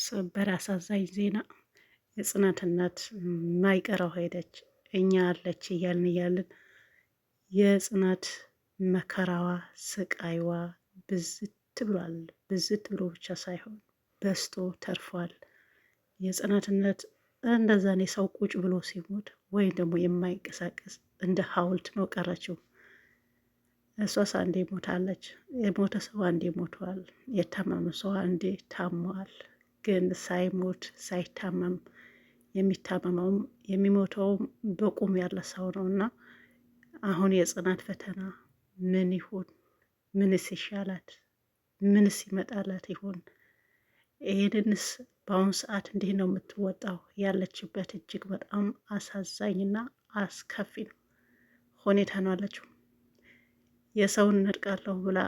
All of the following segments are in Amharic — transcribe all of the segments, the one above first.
ሰበር አሳዛኝ ዜና የጽናት እናት ማይቀረው ሄደች። እኛ አለች እያልን እያልን የጽናት መከራዋ ስቃይዋ ብዝት ብሏል። ብዝት ብሎ ብቻ ሳይሆን በስቶ ተርፏል። የጽናት እናት እንደዛ ሰው ቁጭ ብሎ ሲሞት ወይም ደግሞ የማይንቀሳቀስ እንደ ሐውልት ነው ቀረችው። እሷስ አንዴ ሞታለች። የሞተ ሰው አንዴ ሞተዋል። የታመመ ሰው አንዴ ታሟል። ግን ሳይሞት ሳይታመም የሚታመመውም የሚሞተውም በቁም ያለ ሰው ነው እና አሁን የጽናት ፈተና ምን ይሁን? ምንስ ይሻላት? ምንስ ይመጣላት ይሆን? ይህንንስ በአሁኑ ሰዓት እንዲህ ነው የምትወጣው? ያለችበት እጅግ በጣም አሳዛኝና አስከፊ ነው ሁኔታ ነው አለችው። የሰውን ነድቃለሁ ብላ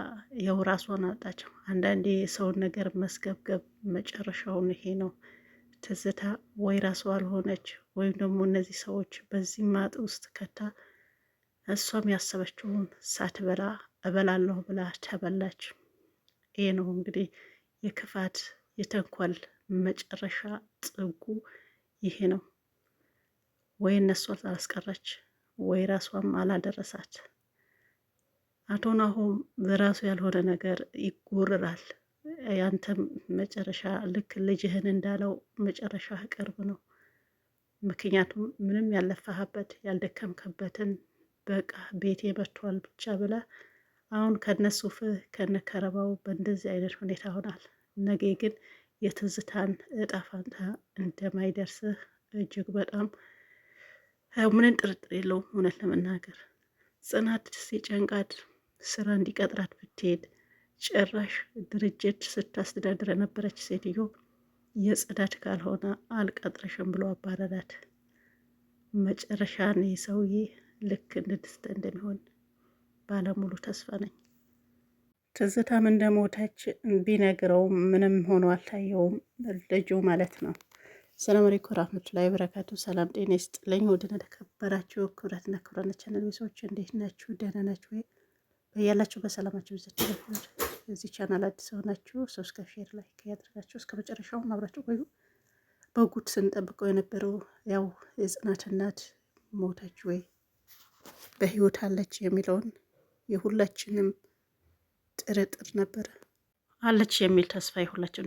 ያው ራሷን አወጣቸው። አንዳንዴ የሰውን ነገር መስገብገብ መጨረሻውን ይሄ ነው። ትዝታ ወይ ራሷ አልሆነች ወይም ደግሞ እነዚህ ሰዎች በዚህ ማጥ ውስጥ ከታ እሷም ያሰበችውን ሳትበላ እበላለሁ ብላ ተበላች። ይሄ ነው እንግዲህ የክፋት የተንኮል መጨረሻ ጥጉ ይሄ ነው። ወይ እነሷ አላስቀረች ወይ ራሷም አላደረሳት። አቶ ናሆም በራሱ ያልሆነ ነገር ይጎርራል። ያንተም መጨረሻ ልክ ልጅህን እንዳለው መጨረሻ ቅርብ ነው። ምክንያቱም ምንም ያለፋህበት ያልደከምክበትን በቃ ቤቴ መጥቷል ብቻ ብለ አሁን ከነሱ ፍህ ከነከረባው በእንደዚህ አይነት ሁኔታ ሆናል። ነገ ግን የትዝታን እጣ ፋንታ እንደማይደርስህ እጅግ በጣም ምንም ጥርጥር የለውም። እውነት ለመናገር ጽናት ሲጨንቃት ስራ እንዲቀጥራት ብትሄድ ጭራሽ ድርጅት ስታስተዳድረ ነበረች ሴትዮ የጽዳት ካልሆነ አልቀጥረሽም ብሎ አባረራት። መጨረሻን የሰውዬ ልክ እንድስተ እንደሚሆን ባለሙሉ ተስፋ ነኝ። ትዝታም እንደሞተች ቢነግረው ምንም ሆኖ አልታየውም፣ ልጁ ማለት ነው። ሰላም አለይኩም ወራህመቱላሂ ወበረካቱ። ሰላም ጤና ይስጥልኝ። ወደነ ተከበራችሁ ክብረትና ክብረነች ሰዎች እንዴት ናችሁ? ደህና ናችሁ ወይ? ያላችሁ በሰላማችሁ ይዘት ይላል። እዚህ ቻናል አዲስ ሆናችሁ ሰብስክራይብ፣ ሼር፣ ላይክ ያደርጋችሁ እስከ መጨረሻው አብራችሁ ቆዩ። በጉድ ስንጠብቀው የነበረው ያው የጽናት እናት ሞታች ወይ በህይወት አለች የሚለውን የሁላችንም ጥርጥር ነበረ። አለች የሚል ተስፋ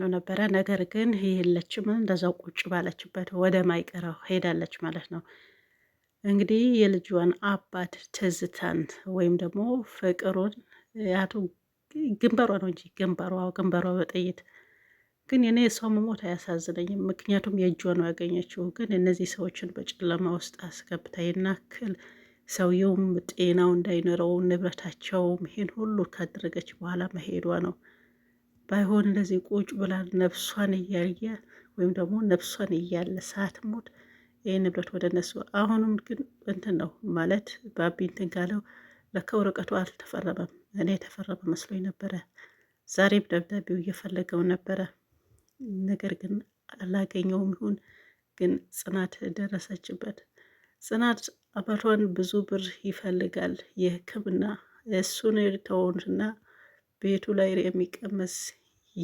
ነው ነበረ። ነገር ግን የለችም። እንደዛው ቁጭ ባለችበት ወደ ማይቀረው ሄዳለች ማለት ነው። እንግዲህ የልጇን አባት ትዝታን ወይም ደግሞ ፍቅሩን አቶ ግንባሯ ነው እንጂ ግንባሯ ግንበሯ በጥይት ግን እኔ የሰው መሞት አያሳዝነኝም። ምክንያቱም የእጇ ነው ያገኘችው። ግን እነዚህ ሰዎችን በጨለማ ውስጥ አስገብታ ይናክል ሰውየውም ጤናው እንዳይኖረው ንብረታቸውም ይሄን ሁሉ ካደረገች በኋላ መሄዷ ነው። ባይሆን እንደዚህ ቁጭ ብላ ነፍሷን እያየ ወይም ደግሞ ነፍሷን እያለ ሰዓት ሞት ይህን ንብረት ወደ እነሱ አሁንም ግን እንትን ነው ማለት ባቢ እንትን ካለው ለካ ወረቀቱ አልተፈረመም። እኔ የተፈረመ መስሎኝ ነበረ። ዛሬም ደብዳቤው እየፈለገው ነበረ፣ ነገር ግን አላገኘውም። ይሁን ግን ጽናት ደረሰችበት። ጽናት አባቷን ብዙ ብር ይፈልጋል የሕክምና እሱን ተወውንና ቤቱ ላይ የሚቀመስ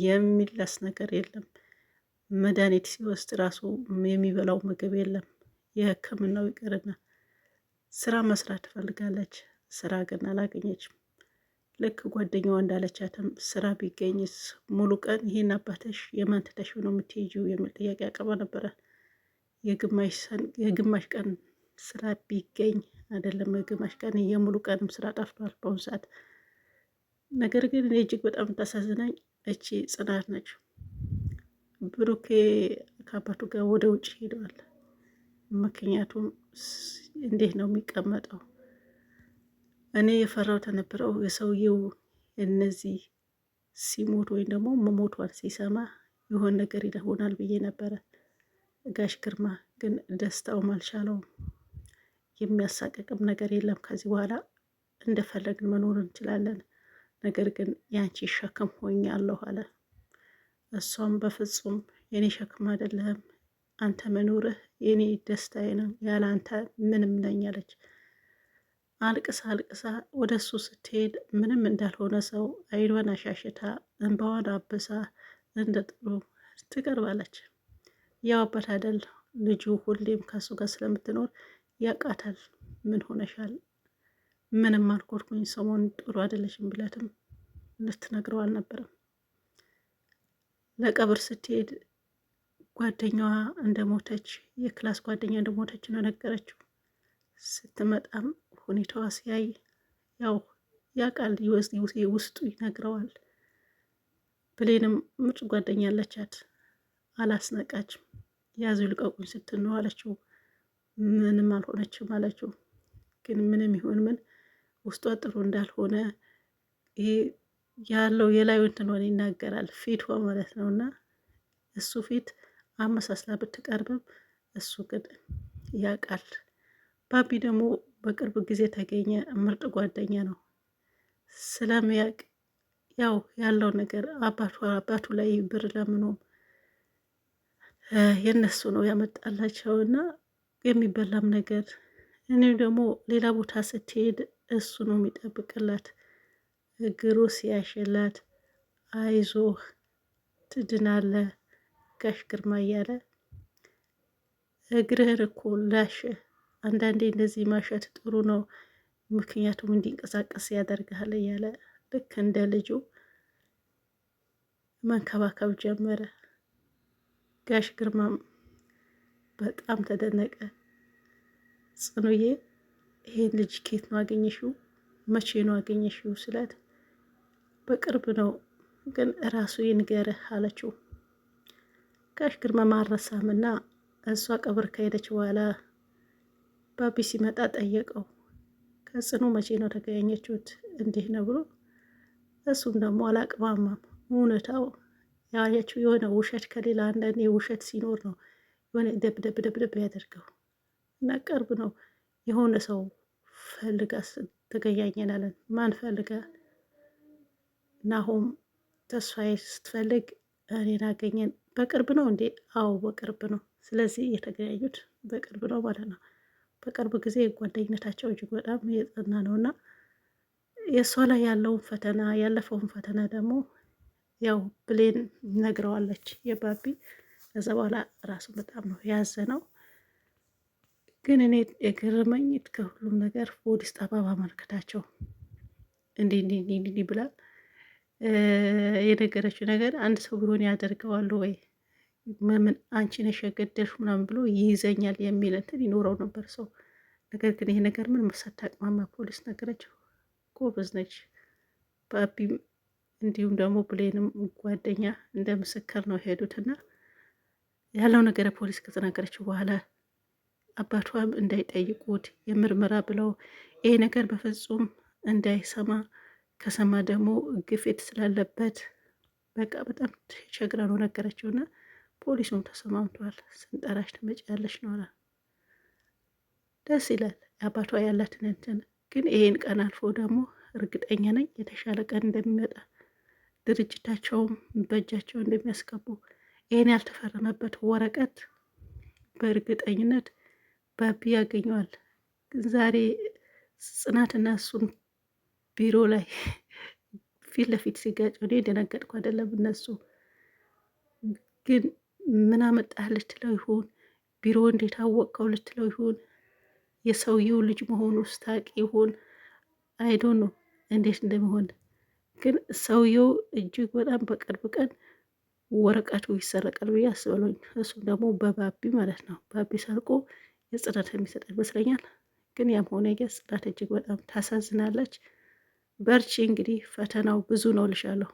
የሚላስ ነገር የለም። መድኃኒት ሲወስድ ራሱ የሚበላው ምግብ የለም። የህክምናው ይቅርና ስራ መስራት ትፈልጋለች። ስራ ግን አላገኘችም። ልክ ጓደኛዋ እንዳለቻትም ስራ ቢገኝስ ሙሉ ቀን ይሄን አባተሽ የማን ትተሽ ነው የምትሄጂው የሚል ጥያቄ አቅርባ ነበረ። የግማሽ ቀን ስራ ቢገኝ አይደለም የግማሽ ቀን የሙሉ ቀንም ስራ ጠፍቷል በአሁኑ ሰዓት። ነገር ግን እኔ እጅግ በጣም የምታሳዝናኝ እቺ ጽናት ነች። ብሩኬ ከአባቱ ጋር ወደ ውጭ ሄደዋል። ምክንያቱም እንዴት ነው የሚቀመጠው? እኔ የፈራው ተነብረው የሰውየው እነዚህ ሲሞት ወይም ደግሞ መሞቷን ሲሰማ የሆን ነገር ይሆናል ብዬ ነበረ። ጋሽ ግርማ ግን ደስታውም አልቻለውም። የሚያሳቀቅም ነገር የለም ከዚህ በኋላ እንደፈለግን መኖር እንችላለን፣ ነገር ግን ያንቺ ሸክም ሆኛለሁ አለ። እሷም በፍጹም የኔ ሸክም አይደለም አንተ መኖርህ የኔ ደስታዬ ነው፣ ያለአንተ ምንም ነኝ አለች። አልቅሳ አልቅሳ ወደ እሱ ስትሄድ ምንም እንዳልሆነ ሰው አይኗን አሻሽታ እንባዋን አብሳ እንደ ጥሩ ትቀርባለች። ያው አባት አይደል ልጁ ሁሌም ከሱ ጋር ስለምትኖር ያቃታል። ምን ሆነሻል? ምንም አልኮርኩኝ፣ ሰሞን ጥሩ አይደለሽም ብለትም ልትነግረው አልነበረም። ለቀብር ስትሄድ ጓደኛዋ እንደሞተች የክላስ ጓደኛ እንደሞተች ነው ነገረችው። ስትመጣም ሁኔታዋ ሲያይ ያው ያቃል ውስጡ ይነግረዋል። ብሌንም ምርጥ ጓደኛ ያለቻት አላስነቃችም። ያዙ ልቀቁኝ ስትል ነው አለችው። ምንም አልሆነችም አለችው። ግን ምንም ይሁን ምን ውስጧ ጥሩ እንዳልሆነ ይሄ ያለው የላዩ ሆነ ይናገራል፣ ፊቷ ማለት ነው እና እሱ ፊት አመሳስላ ብትቀርብም እሱ ግን ያውቃል። ባቢ ደግሞ በቅርብ ጊዜ የተገኘ ምርጥ ጓደኛ ነው። ስለሚያውቅ ያው ያለው ነገር አባቱ ላይ ብር ለምኖም የነሱ ነው ያመጣላቸው እና የሚበላም ነገር እኔም ደግሞ ሌላ ቦታ ስትሄድ እሱ ነው የሚጠብቅላት። እግሩ ሲያሽላት አይዞህ ትድናለህ ጋሽ ግርማ እያለ እግርህን እኮ ላሽ አንዳንዴ እንደዚህ ማሸት ጥሩ ነው፣ ምክንያቱም እንዲንቀሳቀስ ያደርግሃል እያለ ልክ እንደ ልጁ መንከባከብ ጀመረ። ጋሽ ግርማም በጣም ተደነቀ። ጽኑዬ ይሄን ልጅ ኬት ነው አገኘሽው? መቼ ነው አገኘሽው? ስለት በቅርብ ነው ግን ራሱ ይንገርህ አለችው። ጋሽ ግርማ ማረሳምና እሷ ቀብር ከሄደች በኋላ ባቢ ሲመጣ ጠየቀው። ከጽኑ መቼ ነው ተገናኘችሁት? እንዲህ ነው ብሎ እሱም ደግሞ አላቅማማም። እውነታው ያያችው የሆነ ውሸት ከሌላ አንዳንድ ውሸት ሲኖር ነው የሆነ ደብደብ ደብደብ ያደርገው እና ቅርብ ነው የሆነ ሰው ፈልጋ ተገኛኘናለን። ማን ፈልጋ? ናሆም ተስፋዬ ስትፈልግ እኔን አገኘን በቅርብ ነው እንዴ? አዎ በቅርብ ነው። ስለዚህ የተገናኙት በቅርብ ነው ማለት ነው። በቅርብ ጊዜ ጓደኝነታቸው እጅግ በጣም የጸና ነው እና የእሷ ላይ ያለውን ፈተና ያለፈውን ፈተና ደግሞ ያው ብሌን ነግረዋለች የባቢ ከዛ በኋላ ራሱ በጣም ነው የያዘ ነው። ግን እኔ የገረመኝ ከሁሉም ነገር ፖሊስ ጠባብ አመልክታቸው እንዲህ እንዲህ እንዲህ ብላል የነገረችው ነገር አንድ ሰው ብሎን ያደርገዋል ወይ መምን አንቺ ነሽ ምናምን ብሎ ይይዘኛል የሚል እንትን ይኖረው ነበር ሰው። ነገር ግን ይሄ ነገር ምን አቅማማ ፖሊስ ነገረችው። ጎበዝ ነች። በአቢም እንዲሁም ደግሞ ብሌንም ጓደኛ እንደ ምስክር ነው የሄዱት እና ያለው ነገር ፖሊስ ከተናገረችው በኋላ አባቷም እንዳይጠይቁት የምርመራ ብለው ይሄ ነገር በፍጹም እንዳይሰማ ከሰማ ደግሞ ግፊት ስላለበት በቃ በጣም ቸግራ ነው ነገረችው። እና ፖሊሱም ተሰማምቷል። ስንጠራሽ ትመጪያለሽ ነው ደስ ይላል። አባቷ ያላትን እንትን ግን ይሄን ቀን አልፎ ደግሞ እርግጠኛ ነኝ የተሻለ ቀን እንደሚመጣ ድርጅታቸውም በእጃቸው እንደሚያስገቡ ይህን ያልተፈረመበት ወረቀት በእርግጠኝነት ባቢ ያገኘዋል። ዛሬ ጽናትና እሱን ቢሮ ላይ ፊት ለፊት ሲጋጭ እኔ ደነገጥኩ አይደለም እነሱ ግን ምን አመጣህ ልትለው ይሆን? ቢሮ እንዴት አወቀው ልትለው ይሆን? የሰውየው ልጅ መሆኑ ስታቂ ይሆን? አይዶ ነው እንዴት እንደሚሆን ግን ሰውየው እጅግ በጣም በቅርብ ቀን ወረቀቱ ይሰረቃል ብዬ አስበለኝ። እሱም ደግሞ በባቢ ማለት ነው። ባቢ ሰርቆ የጽዳት የሚሰጠ ይመስለኛል። ግን ያም ሆነ ጽዳት እጅግ በጣም ታሳዝናለች። በርቺ እንግዲህ ፈተናው ብዙ ነው ልሻለሁ።